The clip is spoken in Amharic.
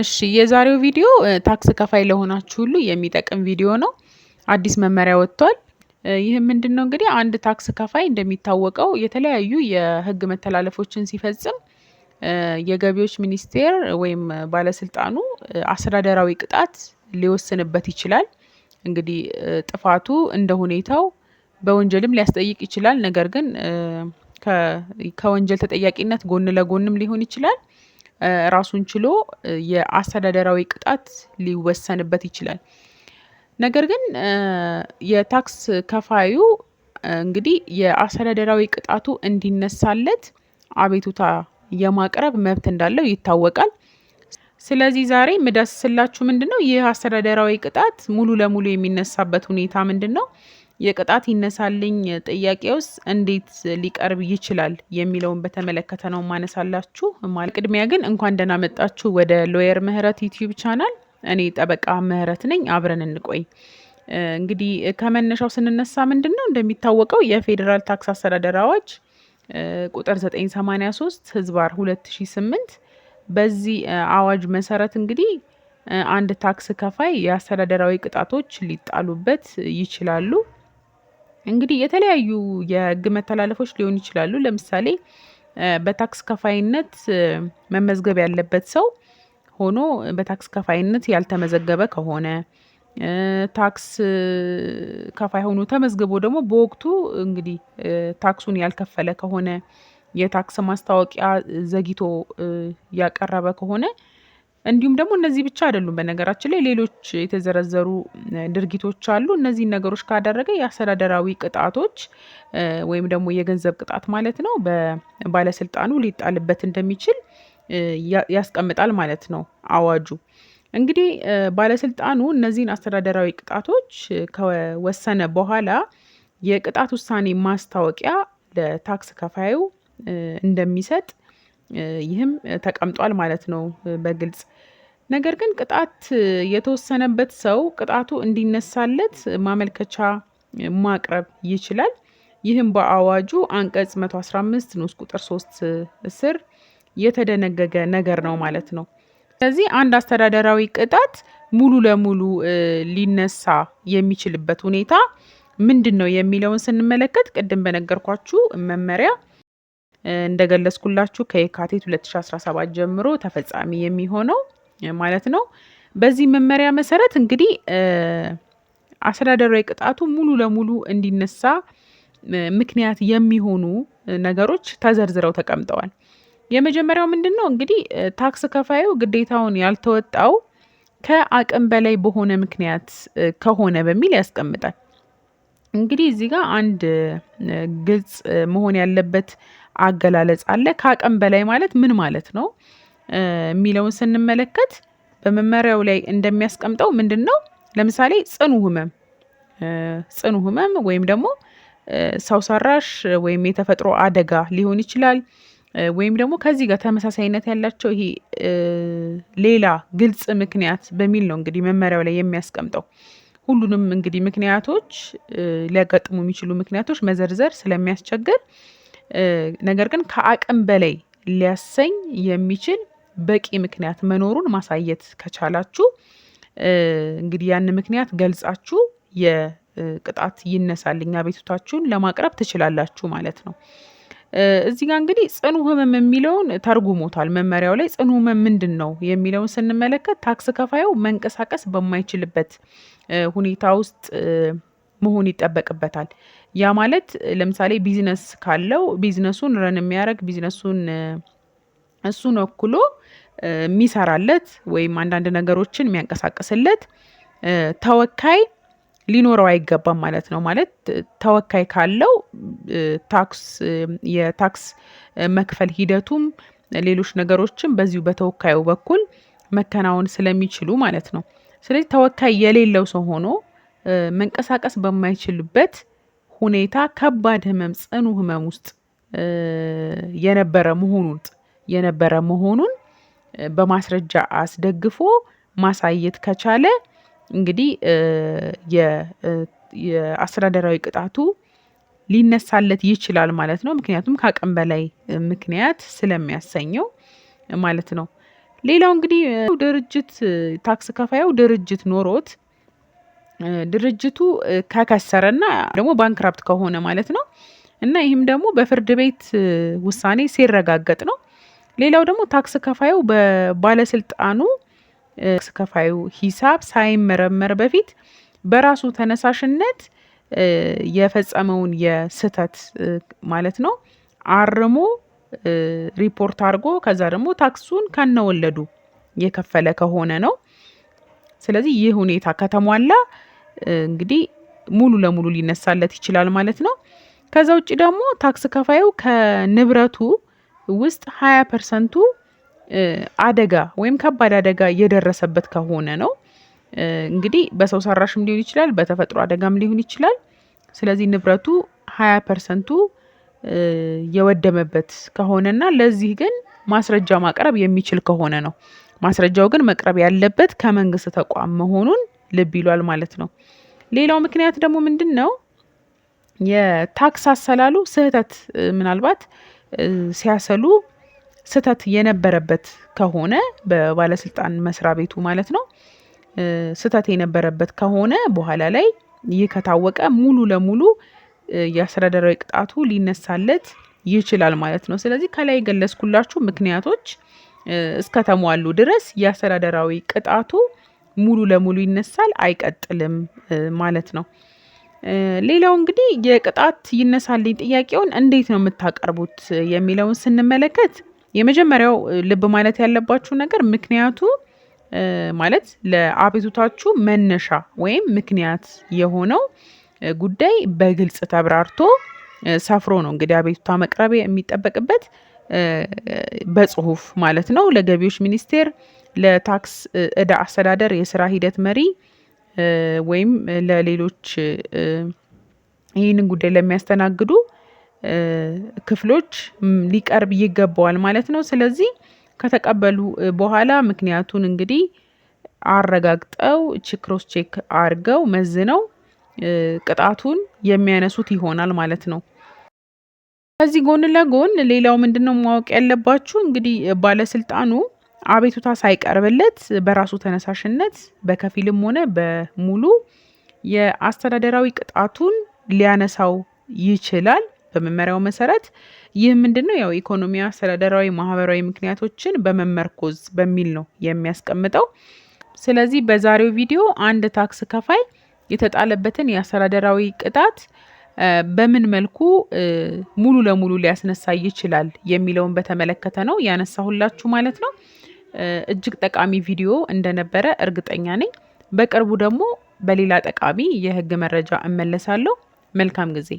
እሺ የዛሬው ቪዲዮ ታክስ ከፋይ ለሆናችሁ ሁሉ የሚጠቅም ቪዲዮ ነው። አዲስ መመሪያ ወጥቷል። ይህ ምንድን ነው እንግዲህ አንድ ታክስ ከፋይ እንደሚታወቀው የተለያዩ የህግ መተላለፎችን ሲፈጽም የገቢዎች ሚኒስቴር ወይም ባለስልጣኑ አስተዳደራዊ ቅጣት ሊወስንበት ይችላል። እንግዲህ ጥፋቱ እንደ ሁኔታው በወንጀልም ሊያስጠይቅ ይችላል። ነገር ግን ከወንጀል ተጠያቂነት ጎን ለጎንም ሊሆን ይችላል። ራሱን ችሎ የአስተዳደራዊ ቅጣት ሊወሰንበት ይችላል። ነገር ግን የታክስ ከፋዩ እንግዲህ የአስተዳደራዊ ቅጣቱ እንዲነሳለት አቤቱታ የማቅረብ መብት እንዳለው ይታወቃል። ስለዚህ ዛሬ ምንድን ምንድነው ይህ አስተዳደራዊ ቅጣት ሙሉ ለሙሉ የሚነሳበት ሁኔታ ነው? የቅጣት ይነሳልኝ ጥያቄ ውስጥ እንዴት ሊቀርብ ይችላል የሚለውን በተመለከተ ነው ማነሳላችሁ። ቅድሚያ ግን እንኳን ደህና መጣችሁ ወደ ሎየር ምህረት ዩቲዩብ ቻናል። እኔ ጠበቃ ምህረት ነኝ። አብረን እንቆይ። እንግዲህ ከመነሻው ስንነሳ ምንድን ነው እንደሚታወቀው የፌዴራል ታክስ አስተዳደር አዋጅ ቁጥር 983 ህዝባር 2008 በዚህ አዋጅ መሰረት እንግዲህ አንድ ታክስ ከፋይ የአስተዳደራዊ ቅጣቶች ሊጣሉበት ይችላሉ። እንግዲህ የተለያዩ የህግ መተላለፎች ሊሆኑ ይችላሉ። ለምሳሌ በታክስ ከፋይነት መመዝገብ ያለበት ሰው ሆኖ በታክስ ከፋይነት ያልተመዘገበ ከሆነ ታክስ ከፋይ ሆኖ ተመዝግቦ ደግሞ በወቅቱ እንግዲህ ታክሱን ያልከፈለ ከሆነ የታክስ ማስታወቂያ ዘግይቶ ያቀረበ ከሆነ እንዲሁም ደግሞ እነዚህ ብቻ አይደሉም። በነገራችን ላይ ሌሎች የተዘረዘሩ ድርጊቶች አሉ። እነዚህን ነገሮች ካደረገ የአስተዳደራዊ ቅጣቶች ወይም ደግሞ የገንዘብ ቅጣት ማለት ነው በባለስልጣኑ ሊጣልበት እንደሚችል ያስቀምጣል ማለት ነው አዋጁ። እንግዲህ ባለስልጣኑ እነዚህን አስተዳደራዊ ቅጣቶች ከወሰነ በኋላ የቅጣት ውሳኔ ማስታወቂያ ለታክስ ከፋዩ እንደሚሰጥ ይህም ተቀምጧል ማለት ነው በግልጽ። ነገር ግን ቅጣት የተወሰነበት ሰው ቅጣቱ እንዲነሳለት ማመልከቻ ማቅረብ ይችላል። ይህም በአዋጁ አንቀጽ 115 ንዑስ ቁጥር 3 ስር የተደነገገ ነገር ነው ማለት ነው። ስለዚህ አንድ አስተዳደራዊ ቅጣት ሙሉ ለሙሉ ሊነሳ የሚችልበት ሁኔታ ምንድን ነው የሚለውን ስንመለከት ቅድም በነገርኳችሁ መመሪያ እንደገለጽኩላችሁ ከየካቲት 2017 ጀምሮ ተፈጻሚ የሚሆነው ማለት ነው። በዚህ መመሪያ መሰረት እንግዲህ አስተዳደራዊ ቅጣቱ ሙሉ ለሙሉ እንዲነሳ ምክንያት የሚሆኑ ነገሮች ተዘርዝረው ተቀምጠዋል። የመጀመሪያው ምንድን ነው እንግዲህ ታክስ ከፋዩ ግዴታውን ያልተወጣው ከአቅም በላይ በሆነ ምክንያት ከሆነ በሚል ያስቀምጣል። እንግዲህ እዚህ ጋር አንድ ግልጽ መሆን ያለበት አገላለጽ አለ። ከአቅም በላይ ማለት ምን ማለት ነው? የሚለውን ስንመለከት በመመሪያው ላይ እንደሚያስቀምጠው ምንድን ነው ለምሳሌ ጽኑ ህመም ጽኑ ህመም ወይም ደግሞ ሰው ሰራሽ ወይም የተፈጥሮ አደጋ ሊሆን ይችላል። ወይም ደግሞ ከዚህ ጋር ተመሳሳይነት ያላቸው ይሄ ሌላ ግልጽ ምክንያት በሚል ነው እንግዲህ መመሪያው ላይ የሚያስቀምጠው። ሁሉንም እንግዲህ ምክንያቶች ሊያጋጥሙ የሚችሉ ምክንያቶች መዘርዘር ስለሚያስቸግር ነገር ግን ከአቅም በላይ ሊያሰኝ የሚችል በቂ ምክንያት መኖሩን ማሳየት ከቻላችሁ እንግዲህ ያን ምክንያት ገልጻችሁ የቅጣት ይነሳልኝ አቤቱታችሁን ለማቅረብ ትችላላችሁ ማለት ነው። እዚህ ጋር እንግዲህ ጽኑ ህመም የሚለውን ተርጉሞታል መመሪያው ላይ ጽኑ ህመም ምንድን ነው የሚለውን ስንመለከት ታክስ ከፋዩ መንቀሳቀስ በማይችልበት ሁኔታ ውስጥ መሆን ይጠበቅበታል። ያ ማለት ለምሳሌ ቢዝነስ ካለው ቢዝነሱን ረን የሚያደርግ ቢዝነሱን እሱን ወክሎ የሚሰራለት ወይም አንዳንድ ነገሮችን የሚያንቀሳቅስለት ተወካይ ሊኖረው አይገባም ማለት ነው። ማለት ተወካይ ካለው ታክስ የታክስ መክፈል ሂደቱም ሌሎች ነገሮችም በዚሁ በተወካዩ በኩል መከናወን ስለሚችሉ ማለት ነው። ስለዚህ ተወካይ የሌለው ሰው ሆኖ መንቀሳቀስ በማይችልበት ሁኔታ ከባድ ህመም ጽኑ ህመም ውስጥ የነበረ መሆኑን የነበረ መሆኑን በማስረጃ አስደግፎ ማሳየት ከቻለ እንግዲህ የአስተዳደራዊ ቅጣቱ ሊነሳለት ይችላል ማለት ነው። ምክንያቱም ከአቅም በላይ ምክንያት ስለሚያሰኘው ማለት ነው። ሌላው እንግዲህ ድርጅት ታክስ ከፋዩ ድርጅት ኖሮት ድርጅቱ ከከሰረና ደግሞ ባንክራፕት ከሆነ ማለት ነው እና ይህም ደግሞ በፍርድ ቤት ውሳኔ ሲረጋገጥ ነው ሌላው ደግሞ ታክስ ከፋዩ በባለስልጣኑ ታክስ ከፋዩ ሂሳብ ሳይመረመር በፊት በራሱ ተነሳሽነት የፈጸመውን የስህተት ማለት ነው አርሞ ሪፖርት አድርጎ ከዛ ደግሞ ታክሱን ከነወለዱ የከፈለ ከሆነ ነው። ስለዚህ ይህ ሁኔታ ከተሟላ እንግዲህ ሙሉ ለሙሉ ሊነሳለት ይችላል ማለት ነው። ከዛ ውጭ ደግሞ ታክስ ከፋዩ ከንብረቱ ውስጥ ሀያ ፐርሰንቱ አደጋ ወይም ከባድ አደጋ የደረሰበት ከሆነ ነው። እንግዲህ በሰው ሰራሽም ሊሆን ይችላል፣ በተፈጥሮ አደጋም ሊሆን ይችላል። ስለዚህ ንብረቱ ሀያ ፐርሰንቱ የወደመበት ከሆነና ለዚህ ግን ማስረጃ ማቅረብ የሚችል ከሆነ ነው። ማስረጃው ግን መቅረብ ያለበት ከመንግስት ተቋም መሆኑን ልብ ይሏል ማለት ነው። ሌላው ምክንያት ደግሞ ምንድን ነው? የታክስ አሰላሉ ስህተት ምናልባት ሲያሰሉ ስህተት የነበረበት ከሆነ በባለስልጣን መስሪያ ቤቱ ማለት ነው ስህተት የነበረበት ከሆነ በኋላ ላይ ይህ ከታወቀ ሙሉ ለሙሉ የአስተዳደራዊ ቅጣቱ ሊነሳለት ይችላል ማለት ነው። ስለዚህ ከላይ የገለጽኩላችሁ ምክንያቶች እስከተሟሉ ድረስ የአስተዳደራዊ ቅጣቱ ሙሉ ለሙሉ ይነሳል፣ አይቀጥልም ማለት ነው። ሌላው እንግዲህ የቅጣት ይነሳልኝ ጥያቄውን እንዴት ነው የምታቀርቡት የሚለውን ስንመለከት የመጀመሪያው ልብ ማለት ያለባችሁ ነገር ምክንያቱ ማለት ለአቤቱታችሁ መነሻ ወይም ምክንያት የሆነው ጉዳይ በግልጽ ተብራርቶ ሰፍሮ ነው እንግዲህ አቤቱታ መቅረብ የሚጠበቅበት በጽሁፍ ማለት ነው። ለገቢዎች ሚኒስቴር ለታክስ እዳ አስተዳደር የስራ ሂደት መሪ ወይም ለሌሎች ይህንን ጉዳይ ለሚያስተናግዱ ክፍሎች ሊቀርብ ይገባዋል ማለት ነው። ስለዚህ ከተቀበሉ በኋላ ምክንያቱን እንግዲህ አረጋግጠው ችክሮስ ቼክ አድርገው መዝነው ቅጣቱን የሚያነሱት ይሆናል ማለት ነው። ከዚህ ጎን ለጎን ሌላው ምንድነው ማወቅ ያለባችሁ እንግዲህ ባለስልጣኑ አቤቱታ ሳይቀርብለት በራሱ ተነሳሽነት በከፊልም ሆነ በሙሉ የአስተዳደራዊ ቅጣቱን ሊያነሳው ይችላል። በመመሪያው መሰረት ይህ ምንድን ነው? ያው ኢኮኖሚ፣ አስተዳደራዊ፣ ማህበራዊ ምክንያቶችን በመመርኮዝ በሚል ነው የሚያስቀምጠው። ስለዚህ በዛሬው ቪዲዮ አንድ ታክስ ከፋይ የተጣለበትን የአስተዳደራዊ ቅጣት በምን መልኩ ሙሉ ለሙሉ ሊያስነሳ ይችላል የሚለውን በተመለከተ ነው ያነሳሁላችሁ ማለት ነው። እጅግ ጠቃሚ ቪዲዮ እንደነበረ እርግጠኛ ነኝ። በቅርቡ ደግሞ በሌላ ጠቃሚ የህግ መረጃ እመለሳለሁ። መልካም ጊዜ